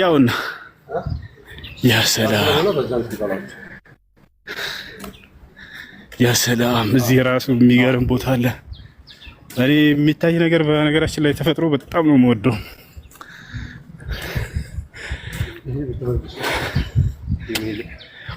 ያውና ያ ሰላም እዚህ ራሱ የሚገርም ቦታ አለ። እኔ የሚታይ ነገር በነገራችን ላይ ተፈጥሮ በጣም ነው የምወደው።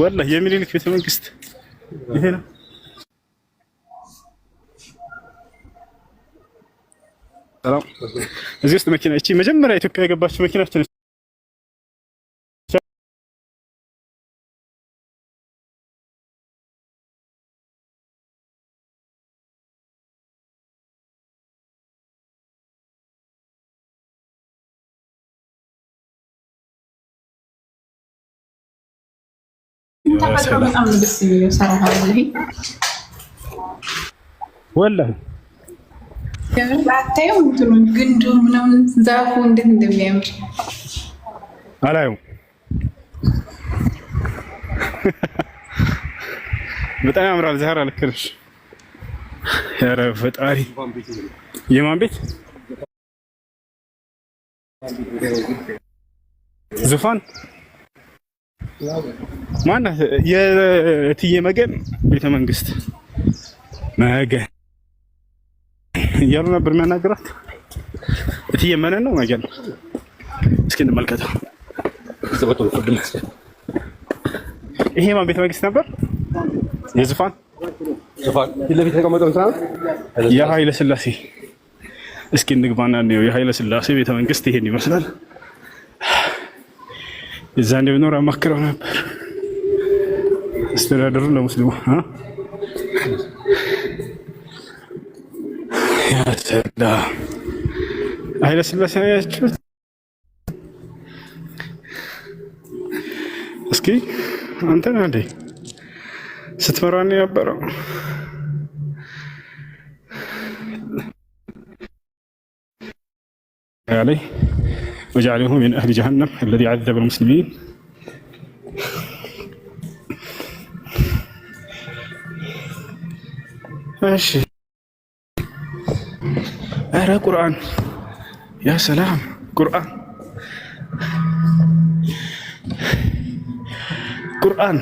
ወላሂ የሚኒልክ ቤተ መንግስት ይሄ ነው። ሰላም እዚህ ውስጥ መኪና ይቺ መጀመሪያ ኢትዮጵያ የገባችው መኪናችን ግንዱ ምናምን ዛፉ እንዴት እንደሚያምር አላየው። በጣም ያምራል። ዛህራ ልክ ነሽ። ፈጣሪ የማን ቤት ዙፋን ማናት የእትዬ መገን ቤተ መንግስት መገን እያሉ ነበር የሚያናግራት። እትዬ መነን ነው መገን ነው። እስኪ እንመልከተው። ይሄ ማን ቤተ መንግስት ነበር? የዙፋን ፊት ለፊት የተቀመጠው የኃይለ ስላሴ። እስኪ እንግባና ነው የኃይለ ስላሴ ቤተ መንግስት ይሄን ይመስላል። የዛኔ ብኖር አማክረው ነበር። አስተዳደሩ ለሙስሊሙ ያሰላ ኃይለ ሥላሴ ያችሁት። እስኪ አንተን አንዴ ስትመራን የነበረው ያለኝ وجعله من أهل جهنم الذي عذب المسلمين ماشي أرى قرآن يا سلام قرآن قرآن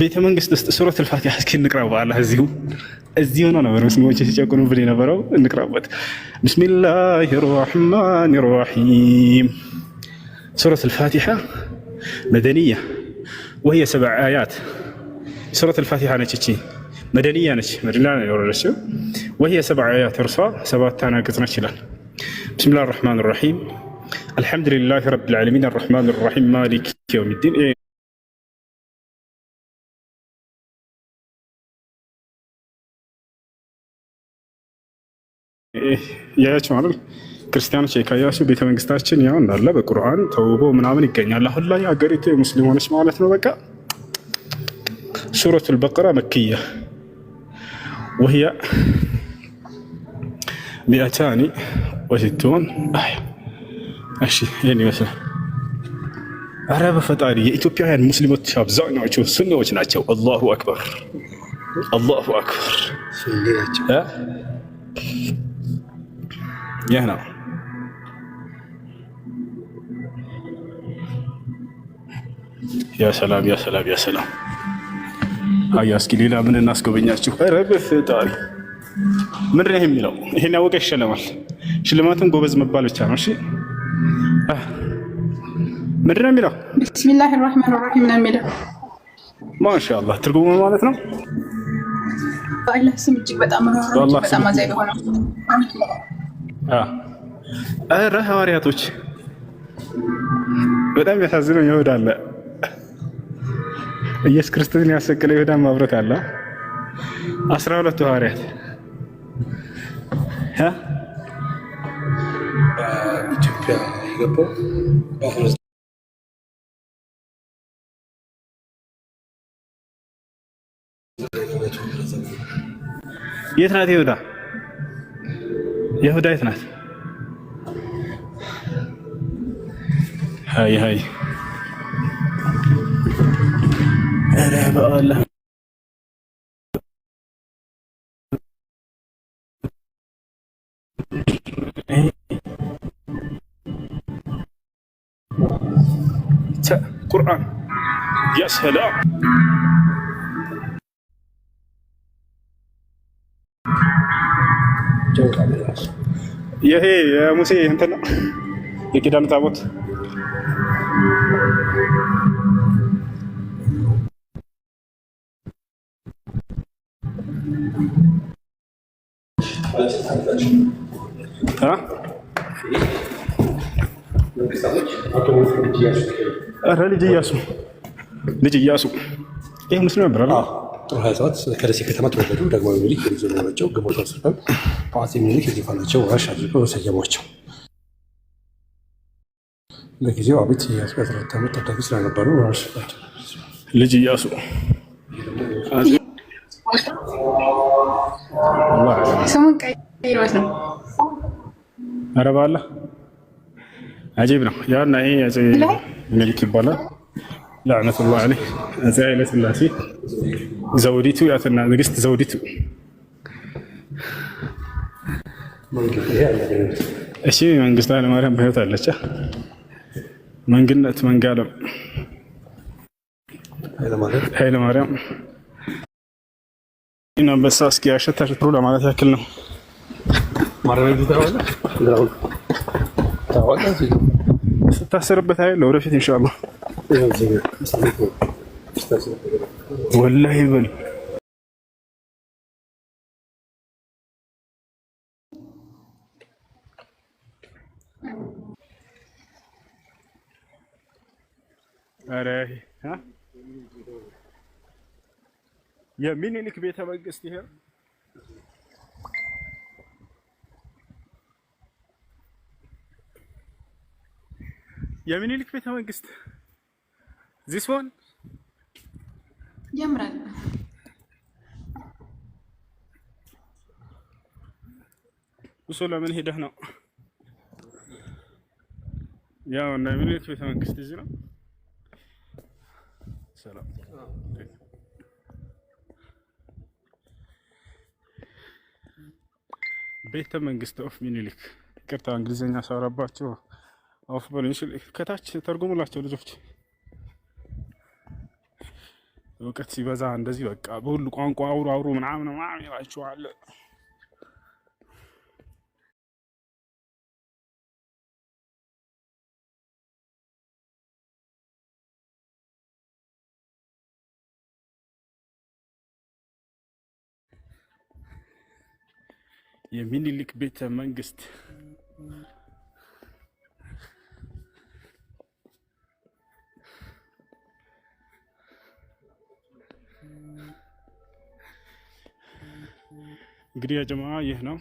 ቤተ መንግስት ውስጥ ሱረት ልፋቲያ እስኪ እንቅራው እዚሁ እዚህ ሆኖ ነበር ሙስሊሞች ሲጨቁኑብን የነበረው። እንቅራበት። ብስሚላህ ራሕማን ራሒም ሱረት አልፋቲሓ መደንያ ወህየ ሰብዕ አያት ሱረት አልፋቲሓ ነች። እቺ መደንያ ነች፣ መዲና ነው የወረደችው። ወህየ ሰብዕ አያት እርሷ ሰባት አናቅጽ ነች ይላል። ብስሚላህ ራሕማን ራሒም አልሐምዱሊላህ ረብ ልዓለሚን አራሕማን ራሒም ማሊክ የውም ዲን እያያቸው አይደል ክርስቲያኖች የካያቸው ቤተ መንግስታችን ያው እንዳለ በቁርአን ተውቦ ምናምን ይገኛል። አሁን ላይ ሀገሪቱ የሙስሊም ሆነች ማለት ነው። በቃ ሱረቱል በቀራ መክያ ወህያ ሚአታኒ ወሲቱን እሺ ይህን ይመስላል። አረ በፈጣሪ የኢትዮጵያውያን ሙስሊሞች አብዛኛዎቹ ሱኒዎች ናቸው። አላሁ አክበር፣ አላሁ አክበር ይህ ነው። ያ ሰላም፣ ያ ሰላም፣ ያ ሰላም። አያ እስኪ ሌላ ምን እናስጎበኛችሁ? ኧረ በፍጣሪ ምንድን ነው የሚለው? ይሄን ያወቀ ይሸለማል። ሽልማቱን ጎበዝ መባል ብቻ ነው። እሺ ምንድን ነው የሚለው? ቢስሚላህ ራህማን ራሂም ነው የሚለው። ማሻአላህ ትርጉሙ ማለት ነው። በአላህ ስም እጅግ በጣም በጣም አዛኝ የሆነ ኧረ ሐዋርያቶች በጣም ያሳዝነው ይሁዳ አለ። ኢየሱስ ክርስቶስን ያሰቀለ ይሁዳ ማብረክ አለ። አስራ ሁለቱ ሐዋርያት የት ናት ይሁዳ? يا ناس هاي هاي انا بقول قرآن يا سلام ይሄ የሙሴ እንትን ነው ታቦት ልጅ እያሱ ልጅ እያሱ ይህ ምስሉ ነበር። ጥሩ ሰባት ከደሴ ከተማ ተወለዱ። ደግሞ ሚኒሊክ የጉዞ ግንቦት አስር ቀን በአፄ ሚኒሊክ የጌታናቸው ወራሽ አድርገው ሰየሟቸው። ለጊዜው አቤት ኢያሱ አስራት ዓመት ታዳጊ ስለነበሩ ወራሽ ልጅ እያሱ ስሙን ቀይሮት ነው። ኧረ በአላህ አጂብ ነው። ያና ይሄ አፄ ሚኒሊክ ይባላል። ላዕነቱላህ ዐለይህ አፄ ኃይለ ሥላሴ ዘውዲቱ ያትና ንግስት ዘውዲቱ እሺ፣ መንግስቱ ኃይለማርያም በህይወት አለች። መንግነት መንጋለም ኃይለማርያም አንበሳ እስኪ አሸታ ሽትሩ ለማለት ያክል ነው። ስታሰርበት አይደል? ወደፊት ኢንሻአላህ ወላሂ በል የሚኒሊክ ቤተ መንግስት ይሄ የሚኒሊክ ቤተ መንግስት ዚስ ሆን ያምራል። እሱ ለምን ሄደህ ነው? ያው እና ምንት ቤተ መንግስት እዚህ ነው። ሰላም ቤተ መንግስት ኦፍ ሚኒሊክ። ይቅርታ እንግሊዝኛ ሳወራባቸው ኦፍ በሉኝ። ከታች ተርጉሙላቸው ልጆች እውቀት ሲበዛ እንደዚህ በቃ በሁሉ ቋንቋ አውሩ አውሩ ምናምን ምናምን ይላችኋል። የሚኒሊክ ቤተ መንግስት እንግዲህ የጀማ ይህ ነው።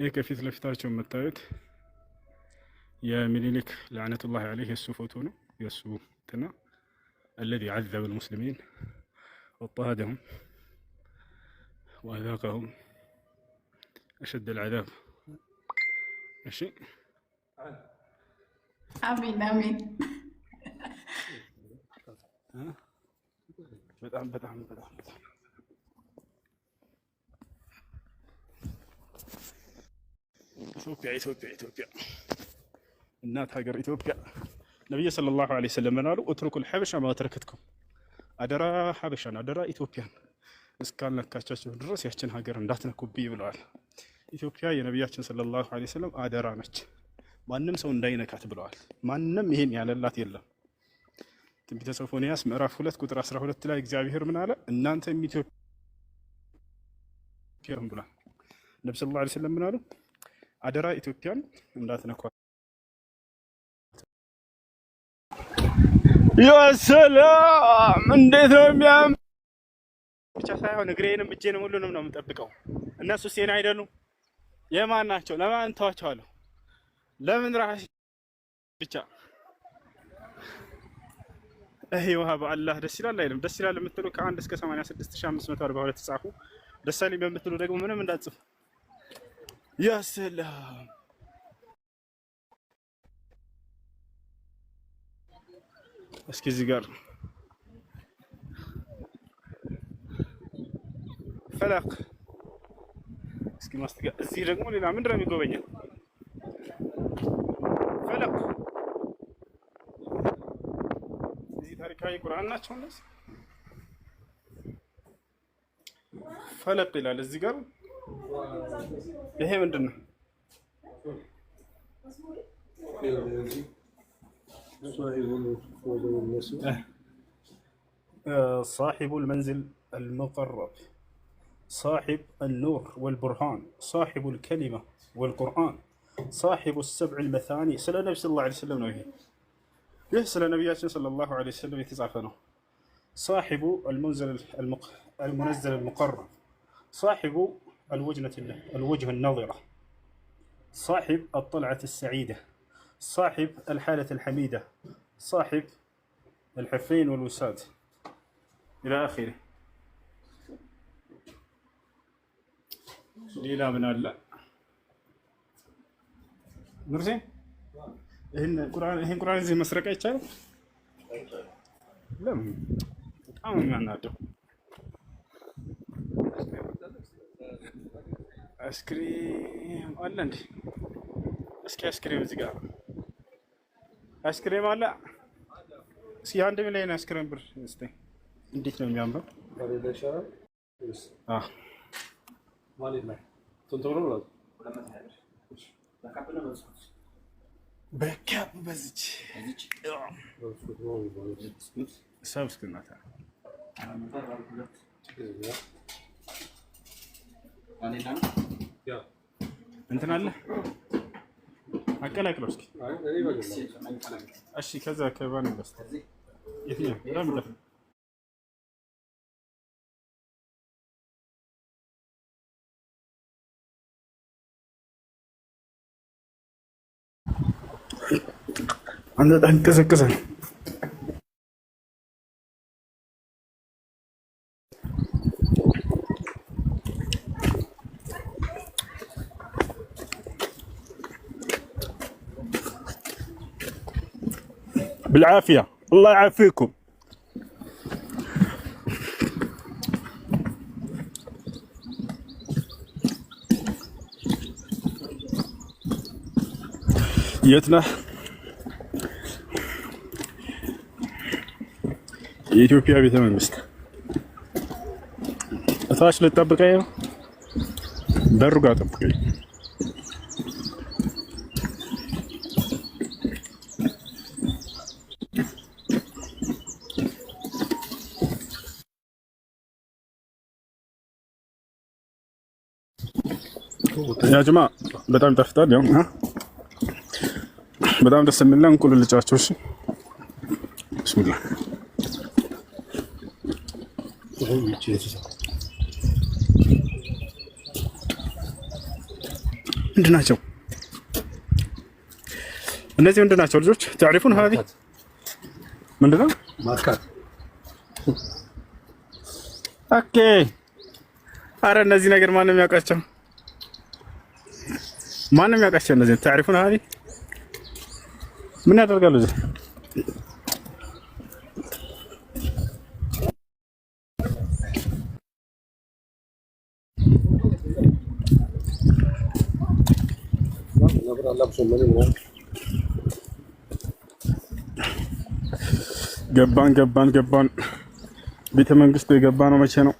ይህ ከፊት ለፊታቸው የምታዩት የሚኒሊክ ለዕነቱላሂ ዐለይህ የእሱ ፎቶ ነው። የእሱ ትና አለዚ ዐዘበ ልሙስሊሚን ወጣሃደሁም ወአዛቀሁም አሸደ ልዐዛብ። እሺ አሚን አሚን። በጣም በጣም በጣም በጣም ኢትዮጵያ ኢትዮጵያ ኢትዮጵያ እናት ሀገር ኢትዮጵያ ነቢዩ ሰለላሁ ዐለይሂ ወሰለም ምን አሉ? ኡትሩኩል ሐበሻ ማተረከትኩም፣ አደራ ሐበሻን አደራ ኢትዮጵያን እስካልነካቻችሁ ድረስ ያችን ሀገር እንዳትነኩብኝ ብለዋል። ኢትዮጵያ የነቢያችን ሰለላሁ ዐለይሂ ወሰለም አደራ ነች፣ ማንም ሰው እንዳይነካት ብለዋል። ማንም ይሄን ያለላት የለም። ትንቢተ ሶፎንያስ ምዕራፍ 2 ቁጥር 12 ላይ እግዚአብሔር ምን አለ? እናንተም ኢትዮጵያ ብሏል። ነቢ ሰለላሁ ዐለይሂ ወሰለም ምን አሉ? አደራ ኢትዮጵያን እንዳትነኳል። የሰላም እንዴት ነው የሚያም ብቻ ሳይሆን እግሬንም እጄንም ሁሉንም ነው የምጠብቀው። እነሱ ሴን አይደሉም። የማን ናቸው? ለማን ተዋቸዋለሁ? ለምን ራሴ ብቻ ውሃ በአላህ ደስ ይላል አይልም። ደስ ይላል የምትሉ ከአንድ እስከ 86542 ጻፉ። ደስ አለኝ የምትሉ ደግሞ ምንም እንዳትጽፉ። ያሰላም እስኪ እዚህ ጋር ፈላቅ እስኪ ማስጋ እዚህ ደግሞ ሌላ ምንድን ነው የሚጎበኘው? ፈላቅ እዚህ ታሪካዊ ቁርአን ናቸው እነዚህ ፈለቅ ይላል እዚህ ጋር صاحب المنزل المقرب صاحب النور والبرهان صاحب الكلمة والقرآن صاحب السبع المثاني سلا النبي صلى الله عليه وسلم ነው ይሄ ይህ ስለ ነቢያችን ሰለላሁ ዐለይሂ ወሰለም የተጻፈ صاحب المنزل المنزل المقرب صاحب الوجنة الوجه النظرة صاحب الطلعة السعيدة صاحب الحالة الحميدة صاحب الحفين والوساد إلى آخره لا من الله مرسي ይህን ቁርአን እዚህ መስረቅ አይቻልም። ለምን በጣም የሚያናደው አይስክሪም አለ እንዴ? እስኪ አይስክሪም እዚህ ጋር አይስክሪም አለ። እስኪ አንድ ሚሊዮን አይስክሪም ብር እስቲ። እንዴት ነው የሚያምረው! በካፕ በዚች ሰብስክናታ እንትን አለ አቀላቅለው እስኪ። እሺ፣ ከዛ ከባን በስተ የትኛው በጣም ይጠፋል። አንተ በጣም ይቀዘቅዛል። بالعافيه الله يعافيكم يوتيوب ايثيوبيا بثمن مسك اثاش للطبقيه برقع طبقيه ያጅማ በጣም ይጣፍጣል። ያው በጣም ደስ የሚል እንቁል ልጫቸው። እሺ ብስሚላ ምንድን ናቸው እነዚህ? ምንድን ናቸው ልጆች? ታሪፉን ሀዚ ምንድን ነው? ኦኬ። አረ እነዚህ ነገር ማን ነው የሚያውቃቸው? ማንም ያውቃቸው እነዚህ ታሪፉን አሪ ምን ያደርጋሉ እዚህ ገባን ገባን ገባን። ቤተ መንግስቱ የገባ ነው። መቼ ነው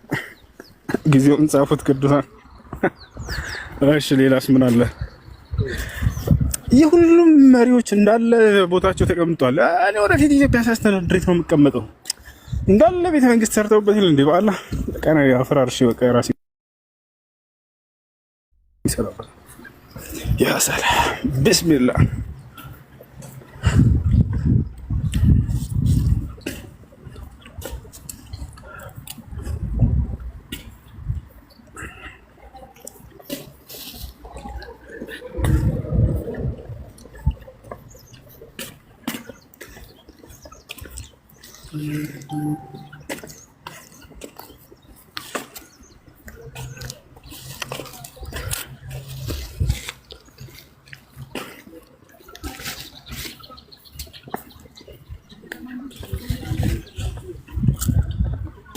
ጊዜውን ጻፉት ቅዱሳን። እሺ ሌላስ ምን አለ? የሁሉም መሪዎች እንዳለ ቦታቸው ተቀምጧል። እኔ ወደፊት ኢትዮጵያ ሳስተዳድሬት ነው የምቀመጠው። እንዳለ ቤተ መንግስት ሰርተውበት ይል እንዲ በአላ ቀና አፈራርሽ በቃ ራሴ ይሰራል። ያሰላ ሰላም ብስሚላህ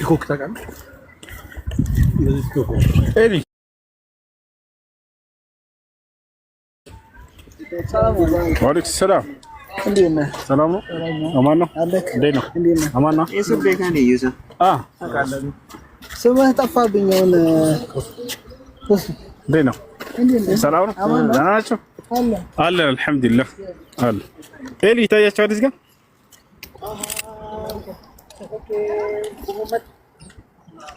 cook da ganz. Das ist Coco. Ehrlich. وعليك السلام سلام امانه دينو امانه يوسف بيك انا يوسف اه سمعت طفابين يوم دينو ሰላም ነው። ደህና ናቸው አለ አልሐምዱሊላህ አለ ኤሊ ይታያቸዋል እዚህ ጋር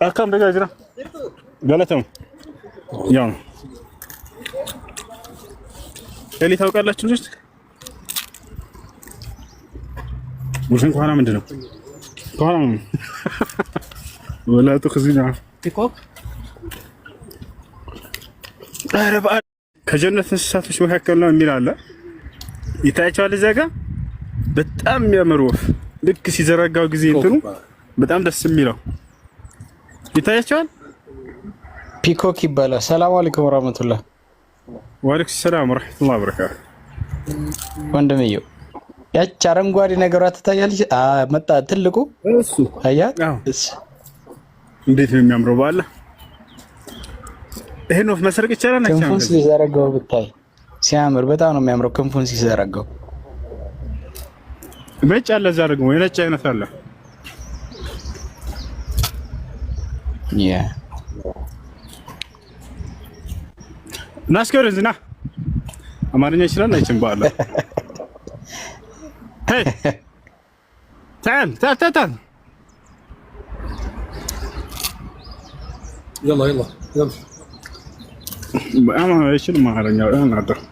Arkam bekle Haziran. Galata ነው ያው ታውቃላችሁ ልጅ ጉርሽን ከኋላ ምንድን ነው? ከኋላ ነው ወላቱ ከዚህና ፒኮክ አረባ ከጀነት እንስሳቶች መካከል ነው የሚል አለ። ይታያቸዋል እዚያ ጋር በጣም የሚያምር ወፍ ልክ ሲዘረጋው ጊዜ እንትኑ በጣም ደስ የሚለው ይታያቸዋል። ፒኮክ ይባላል። ሰላም አለይኩም ወራህመቱላህ። ወአለይኩም ሰላም ወራህመቱላህ ወበረካቱ። ወንድምየው ያች አረንጓዴ ነገሯ ትታያለች። መጣ ትልቁ እሱ አያት። እንዴት ነው የሚያምረው! በአላህ ይሄን ወፍ መስረቅ ይቻላል። ክንፉን ሲዘረጋው ብታይ ሲያምር፣ በጣም ነው የሚያምረው ክንፉን ሲዘረጋው ነጭ አለ እዛ ደግሞ የነጭ አይነት አለ። ናስከር ዝና አማርኛ ይችላል አይችም በአለ ታል ታል ታል ያላ ያላ ያላ አማርኛ ይችላል አማርኛ ያላ